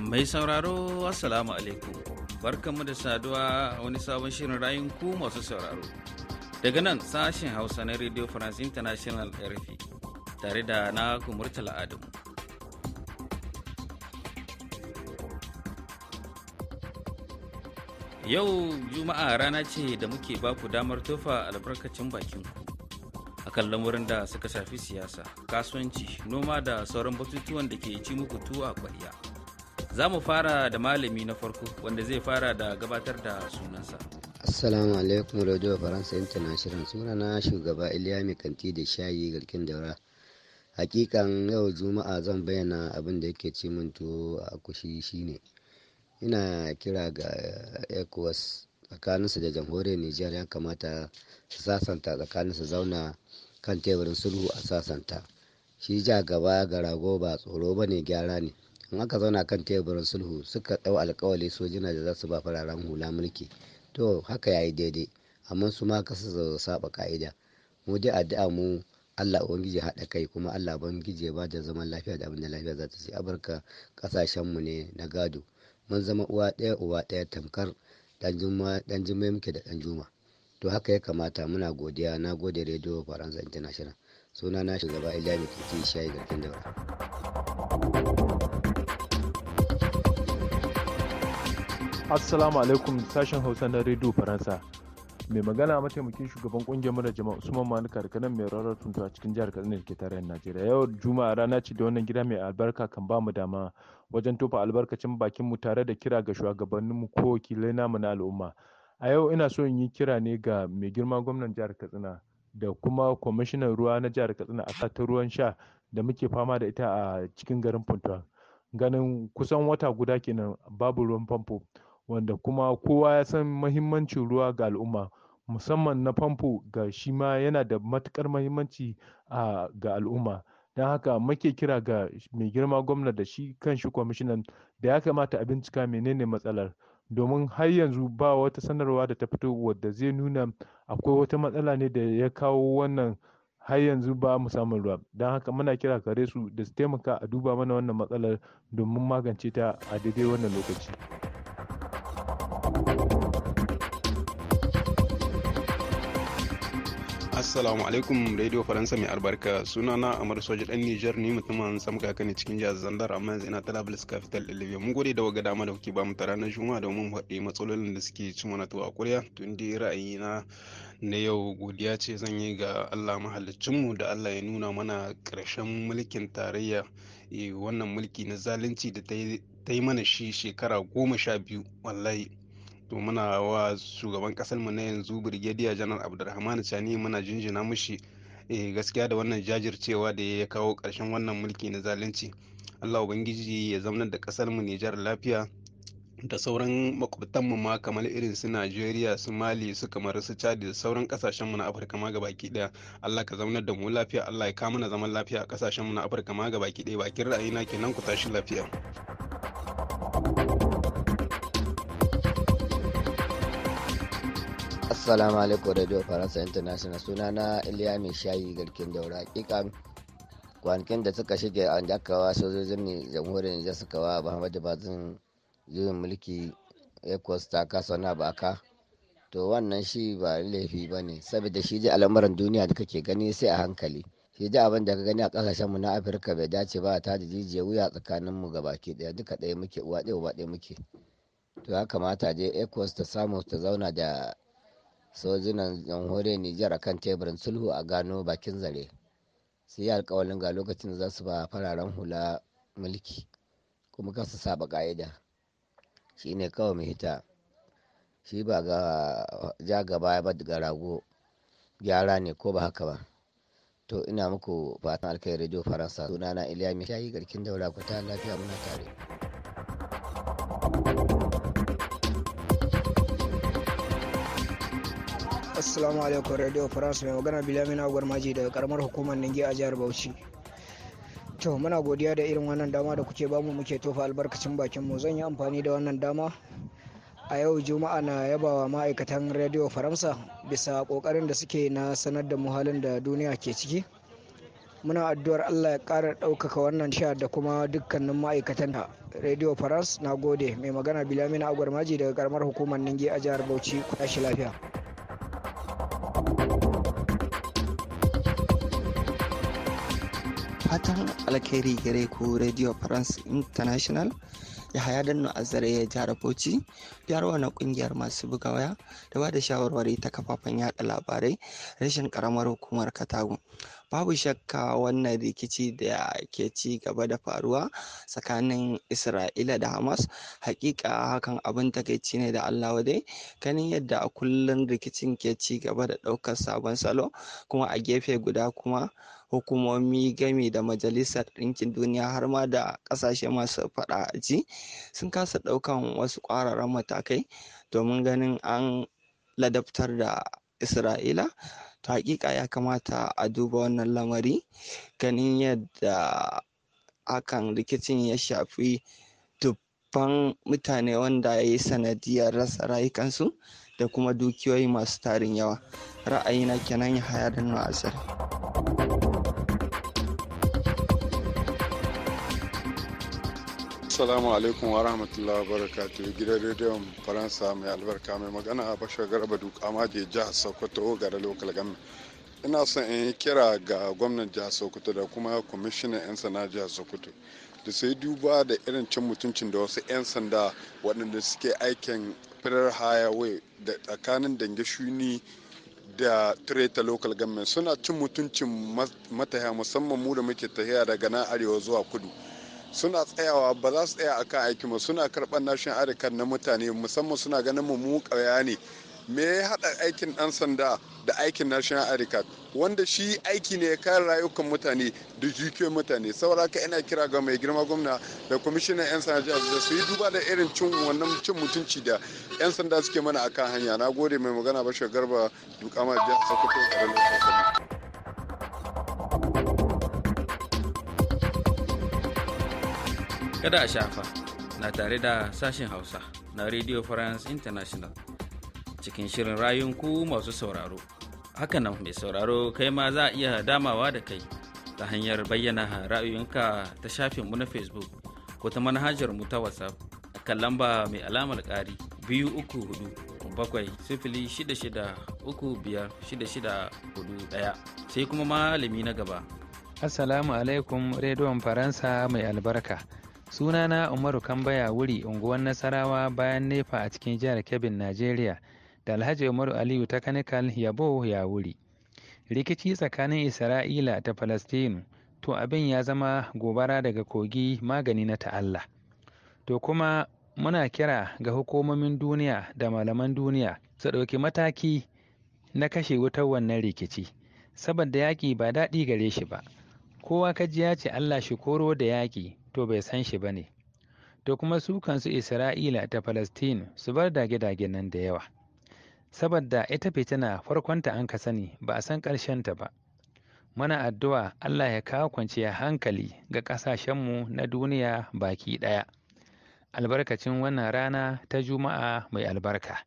Mai sauraro, Assalamu alaikum. Barkanmu da saduwa wani sabon shirin rayun ku masu sauraro. Daga nan sashen Hausa na Radio France International RFI tare da na Murtala Adamu. Yau Juma'a rana ce da muke baku damar tofa albarkacin bakin ku. kan lamurin da suka shafi siyasa, kasuwanci, noma da sauran batutuwan da ke ci muku tuwa kwariya Za mu fara da malami na farko wanda zai fara da gabatar da sunansa. Assalamu alaikum Radio Faransa International sunana shugaba Iliya Kanti da shayi garkin daura. Hakikan yau Juma'a zan bayyana abin da yake ci mun tuwo a kushi shine. ina kira ga ecowas tsakaninsu da jamhuriyar nijar ya kamata su sasanta tsakanin su zauna kan teburin sulhu a sasanta shi ja gaba ga rago ba tsoro ba ne gyara ne in aka zauna kan teburin sulhu suka ɗau alkawali sojina da za su ba fararen hula mulki to haka yayi daidai amma su ma kasa su saba ka'ida mu dai addu'a mu Allah ubangiji haɗa kai kuma Allah ubangiji ya ba da zaman lafiya da abin da lafiya za ta ci abarka kasashenmu ne na gado mun zama uwa ɗaya uwa ɗaya tamkar dan jimmai muke da dan juma to haka ya kamata muna godiya na gode rediyo faransa international suna na shugaba ilya mai shayi garkin daura assalamu alaikum sashen hausa na rediyo faransa mai magana a mataimakin shugaban kungiyar murar jama'a usman manuka karkanan mai rarar tuntu a cikin jihar kaduna da ke tarayyar najeriya yau juma'a rana ce da wannan gida mai albarka kan ba mu dama wajen tofa albarkacin bakin mu tare da kira ga shugabanninmu ko wakilai namu na al'umma a yau ina so in yi kira ne ga mai girma gwamnan jihar katsina da kuma kwamishinan ruwa na jihar katsina a ta ruwan sha da muke fama da ita a cikin garin punta ganin kusan wata guda kenan babu ruwan famfo wanda kuma kowa ya san mahimmancin ruwa ga al'umma musamman na famfo ga shi ma yana da matukar muhimmanci a ga al'umma don haka muke kira ga mai girma gwamna da shi kanshi kwamishinan da ya kamata a bincika menene matsalar domin har yanzu ba wata sanarwa da ta fito wadda zai nuna akwai wata matsala ne da ya kawo wannan har yanzu ba mu samu ruwa don haka muna kira gare su da su taimaka a duba mana wannan matsalar domin magance ta a daidai wannan lokaci. assalamu alaikum radio faransa mai albarka suna na amur soja dan nijar ne mutumin samuka kane cikin jihar zandar amma yanzu ina talablis capital ɗalibai mun gode da waga dama da kuke mu tara na juma domin faɗi matsalolin da suke ci mana tuwa kuriya tun dai ra'ayi na na yau godiya ce zan yi ga allah mahaliccinmu da allah ya nuna mana karshen mulkin tarayya eh, wannan mulki na zalunci da ta yi mana shi shekara goma sha biyu wallahi to muna wa shugaban kasar mu na yanzu brigadier janar abdulrahman sani muna jinjina mushi eh, gaskiya da wannan jajircewa da ya kawo ƙarshen wannan mulki na zalunci allah ubangiji ya zama da kasar mu nijar lafiya da sauran makwabtanmu ma kamar irin su Najeriya su Mali su kamar su Chad da sauran kasashenmu na Afirka ma baki daya Allah ka zaunar da mu lafiya Allah ya kama na zaman lafiya a kasashenmu na Afirka ma baki daya bakin ra'ayina kenan ku tashi lafiya Assalamu alaikum Radio Faransa International sunana Iliya Mai Shayi Garkin Daura. Kikan kwanakin da suka shige a jakawa sojojin ne jamhuriyar Nijar suka wa Muhammadu Bazin juyin mulki Ecos ta kasa na baka. To wannan shi ba laifi ba ne saboda shi ji al'amuran duniya da kake gani sai a hankali. Shi ji abin da ka gani a kasashen na Afirka bai dace ba ta da wuya tsakanin mu gabaki ɗaya duka ɗaya muke uwa ɗaya uba ɗaya muke. To ya kamata je Ecos ta samu ta zauna da sojinan jamhuriyar nijar kan teburin sulhu a gano bakin zare su yi alkawalin ga lokacin da za su ba fararen hula mulki kuma kasu saba ka'ida shi ne kawai mai hita shi ba ga ja gaba ba ga rago gyara ne ko ba haka ba to ina muku fatan alkai radio faransa sunana iliya mai shayi garkin daura kuta lafiya muna tare Assalamu alaikum Radio France mai magana Bilamina Gwarmaji daga karamar hukumar Ninge a jihar Bauchi. To muna godiya da irin wannan dama da kuke bamu muke tofa albarkacin bakin mu zan yi amfani da wannan dama a yau juma'a na yabawa ma'aikatan radio faransa bisa kokarin da suke na sanar da mu halin da duniya ke ciki muna addu'ar allah ya kara daukaka wannan sha da kuma dukkanin ma'aikatan radio france na gode mai magana bilamina agwarmaji daga karamar hukumar ninge a jihar bauchi ku tashi lafiya fatan alkhairi gare ku radio france international ya haya don a zare ya jihar bauchi na kungiyar masu buga waya da ba da shawarwari ta kafafen yada labarai rashin karamar hukumar katago babu shakka wannan rikici da ke ci gaba da faruwa tsakanin isra'ila da hamas hakika hakan abin takaici ne da allah wadai ganin yadda a kullum rikicin ke ci gaba da ɗaukar sabon salo kuma a gefe guda kuma hukumomi gami da majalisar ɗinkin duniya har ma da ƙasashe masu faɗa a ji sun kasa ɗaukan wasu ƙwararren matakai domin ganin an ladabtar da isra'ila to hakika ya kamata a duba wannan lamari ganin yadda hakan rikicin ya shafi dubban mutane wanda ya yi sanadiyar rasa rayukansu da kuma dukiyoyi masu tarin yawa ra'ayina kenan ya haya da asiri Assalamu alaikum wa rahmatullahi wa barakatu gidan rediyon Faransa mai albarka mai magana a bashar garba dukama je jihar Sokoto gara lokal gami. Ina son in yi kira ga gwamnan jihar Sokoto da kuma kwamishinan 'yan sana jihar Sokoto da sai duba da irin cin mutuncin da wasu 'yan sanda waɗanda suke aikin firar highway da tsakanin dange shuni da treta local government suna cin mutuncin mataya musamman mu da muke tahiya daga na arewa zuwa kudu. suna tsayawa ba za su tsaya akan aikin mu suna karɓar nashin arikan na mutane musamman suna ganin mu mu ƙarya ne me ya haɗa aikin ɗan sanda da aikin national arikan wanda shi aiki ne ya kare rayukan mutane da jikiyoyin mutane saboda ka ina kira ga mai girma gwamna da kwamishinan 'yan sanda jihar da su yi duba da irin cin wannan cin mutunci da 'yan sanda suke mana akan hanya na gode mai magana ba bashar garba dukama jihar sokoto a ranar Kada a shafa na tare da sashen Hausa na Radio France International cikin shirin ku masu sauraro. haka Hakanan mai sauraro kai ma za a iya damawa da kai ta hanyar bayyana ra'ayoyinka ta shafinmu na Facebook ko ta manhajar mu ta WhatsApp a kan lamba mai alamar ƙari biyu uku hudu bakwai sifili shida shida uku biyar shida shida hudu ɗaya sai kuma malami na gaba. Assalamu alaikum rediyon Faransa mai albarka. Sunana Umaru Kambaya wuri unguwar Nasarawa bayan Nefa a cikin jihar Kebbi, Najeriya, da Alhaji Umaru Aliyu ta Kanikal Yabo ya wuri. Rikici tsakanin Isra'ila ta Falastinu, to abin ya zama gobara daga kogi magani na ta'alla. To kuma muna kira ga hukumomin duniya da malaman duniya su ɗauki mataki na kashe wutar wannan rikici, saboda yaƙi ba daɗi gare shi ba. Kowa kaji ya ce Allah shi koro da yaƙi, to bai san shi ba ne to kuma su kansu isra'ila ta palestine su bar dage-dage nan da yawa saboda ita fitina farkonta an ka sani ba a san ƙarshen ta ba muna addu'a allah ya kawo kwanciya hankali ga ƙasashenmu na duniya baki ɗaya albarkacin wannan rana ta juma'a mai albarka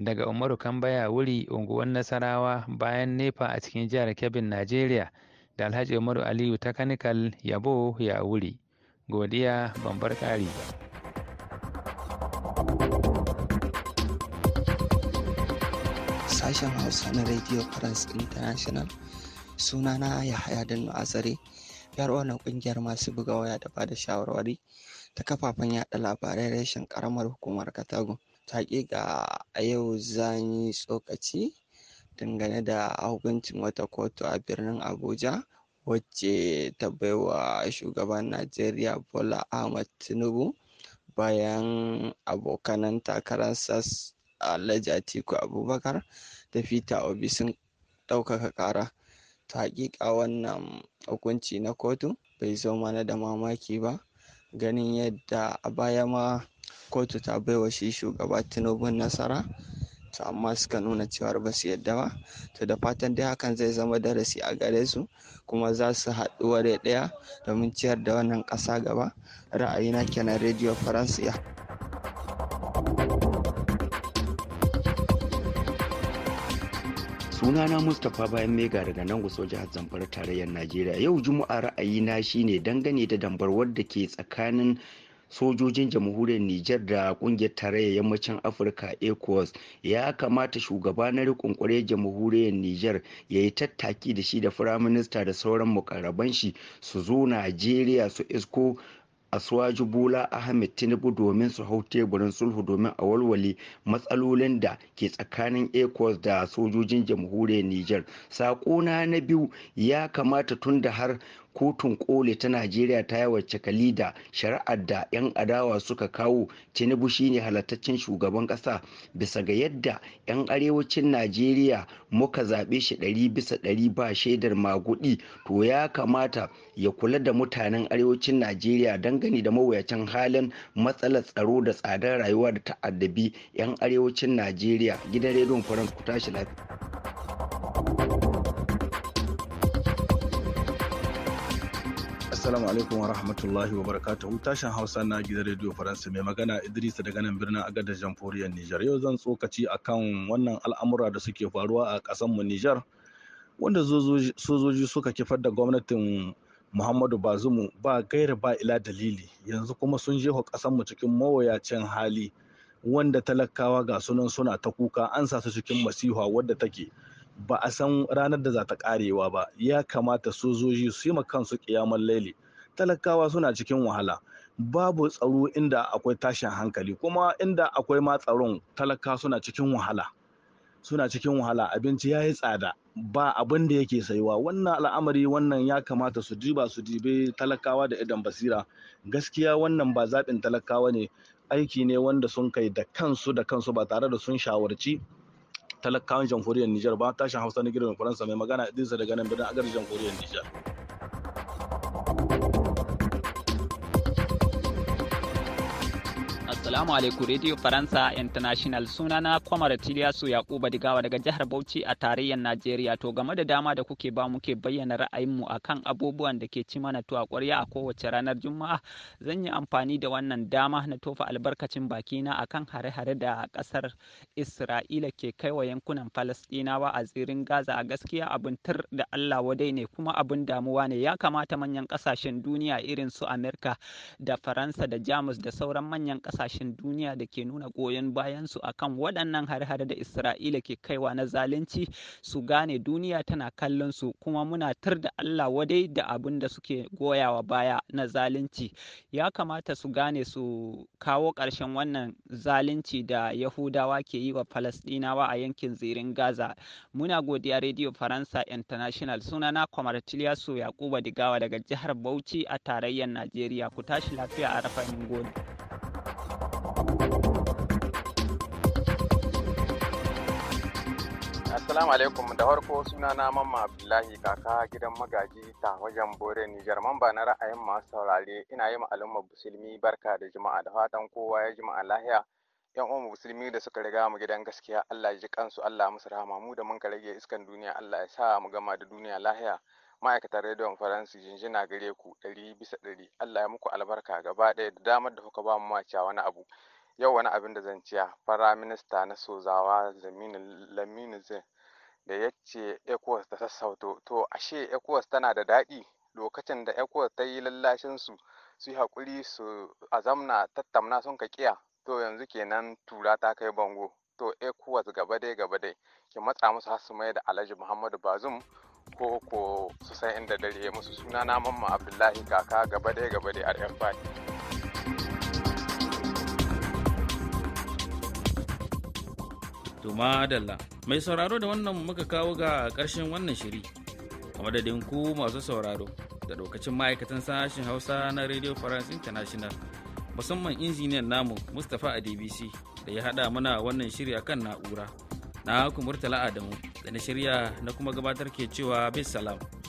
daga umaru kambaya wuri unguwar nasarawa bayan nefa a cikin jihar kebbin najeriya da alhaji umaru aliyu ta kanikal yabo ya wuri godiya ban bar ƙari sashen hausa na radio france international sunana ya haya da azare yar wannan kungiyar masu buga waya da bada shawarwari ta kafafen yada labarai reshen karamar hukumar katago ta ga a yau zan yi tsokaci dangane da hukuncin wata kotu a birnin abuja wacce ta baiwa shugaban Najeriya Bola Ahmad Tinubu bayan abokanan takararsa Alhaji Atiku Abubakar da Peter Obi sun ɗaukaka ƙara. Ta hakika wannan hukunci na kotu bai zo mana da mamaki ba ganin yadda a baya ma kotu ta baiwa shi shugaba Tinubu nasara. su amma suka nuna cewar ba su yadda ba to da fatan dai hakan zai zama darasi a gare su kuma za su haɗu ware ɗaya domin ciyar da wannan ƙasa gaba ra'ayina kenan rediyo faransiya sunana mustapha bayan mega daga nan guso jihar zamfara tarayyar najeriya yau juma'a ra'ayi na shine dangane da dambarwar da ke tsakanin sojojin jamhuriyar Nijar da kungiyar tarayyar yammacin Afirka ECOWAS ya kamata shugaba na rikon jamhuriyar Nijar ya yi tattaki da shi da firaminista da sauran mukarraban shi su zo Najeriya su isko Asuwaju Bola Ahmed Tinubu domin su hau teburin sulhu domin a walwale matsalolin da ke tsakanin ECOWAS da sojojin jamhuriyar Nijar. Sakona na biyu ya kamata tun da har kotun koli ta najeriya ta yawace kalida shari'ar da 'yan adawa suka kawo tinubu shine halattaccen shugaban kasa bisa ga yadda 'yan arewacin najeriya muka zaɓe shi ɗari bisa ɗari ba shaidar magudi to ya kamata ya kula da mutanen arewacin najeriya dangane da mawuyacin halin matsalar tsaro da tsadar rayuwa da ta'addabi 'yan arewacin najeriya gidan rediyon faransa ku tashi lafiya Assalamu alaikum wa rahmatullahi wa barakatuhu tashin Hausa na gidan Radio Faransa mai magana Idris daga nan birnin Agadar Jamhuriyar Nijar. Yau zan tsokaci a kan wannan al'amura da suke faruwa a ƙasar mu Nijar wanda sojoji suka kifar da gwamnatin Muhammadu Bazumu ba gaira ba ila dalili yanzu kuma sun jefa ƙasar mu cikin mawuyacin hali wanda talakawa ga sunan suna ta kuka an sa su cikin masiha wadda take ba a san ranar da za ta karewa ba ya kamata sojoji su yi kansu kiyamar laili talakawa suna cikin wahala babu tsaro inda akwai tashin hankali kuma inda akwai ma tsaron talaka suna cikin wahala suna cikin wahala abinci ya yi tsada ba abin da yake saiwa wannan al'amari wannan ya kamata su diba su dibe talakawa da idan basira gaskiya wannan ba zaɓin talakawa ne aiki ne wanda sun kai da kansu da kansu ba tare da sun shawarci talakawan jamhuriyar Nijar ba tashin Hausa na gidan Faransa mai magana Idrisa daga nan birnin Agar jamhuriyar Nijar. Assalamu alaikum Radio Faransa International sunana Kwamar Tiliyasu Yakuba Digawa daga jihar Bauchi a tarayyar Najeriya to game da dama da kuke ba muke bayyana ra'ayinmu kan abubuwan da ke ci mana tuwa ƙwarya a kowace ranar Juma'a zan yi amfani da wannan dama na tofa albarkacin bakina a kan hare-hare da kasar Isra'ila ke kai wa yankunan Falastinawa a tsirin Gaza a gaskiya abin tur da Allah wadai ne kuma abin damuwa ne ya kamata manyan kasashen duniya irin su Amerika da Faransa da Jamus da sauran manyan kasashen. kasashen duniya da ke nuna goyon bayansu a kan waɗannan har-har da Isra'ila ke kaiwa na zalunci su gane duniya tana kallon su kuma muna tar da Allah wadai da abin da suke goyawa baya na zalunci ya kamata su gane su kawo ƙarshen wannan zalunci da Yahudawa ke yi wa Falasɗinawa a yankin zirin Gaza muna godiya Rediyo Faransa International sunana Kwamar Tiliyasu Yakuba Digawa daga jihar Bauchi a tarayyar Najeriya ku tashi lafiya a rafa gode. Assalamu alaikum da farko suna na mamma Abdullahi kaka gidan magaji ta wajen bore Nijar mamba na ra'ayin masu saurare ina yi ma'alumma musulmi barka da jama'a da fatan kowa ya jima'a lahiya yan uwan musulmi da suka riga mu gidan gaskiya Allah ya ji kansu Allah musu rahama mu da mun ka rage iskan duniya Allah ya sa mu gama da duniya lahiya ma'aikatar rediyon faransi jinjina gare ku ɗari bisa ɗari Allah ya muku albarka gaba ɗaya da damar da kuka ba mu maciya wani abu yau wani abin da zan fara minista na sozawa lamini da ya ce ecowas ta sassauto to ashe ecowas tana da daɗi lokacin da ecowas ta yi lallashin su su yi haƙuri su azamna tattamna sun ka kiya to yanzu kenan tura ta kai bango to ecowas gaba dai gaba dai ki matsa musu har mai da alhaji muhammadu bazum ko ko su san inda dare musu suna na mamma abdullahi kaka gaba dai gaba dai rfi To madalla, mai sauraro da wannan muka kawo ga ƙarshen wannan shiri. A madadin ku masu sauraro da lokacin ma'aikatan sashen Hausa na Radio France International, musamman injiniyan namu Mustapha Adebisi da ya haɗa mana wannan shiri akan na'ura. Na ku Murtala Adamu da na shirya na kuma gabatar ke cewa bis salam.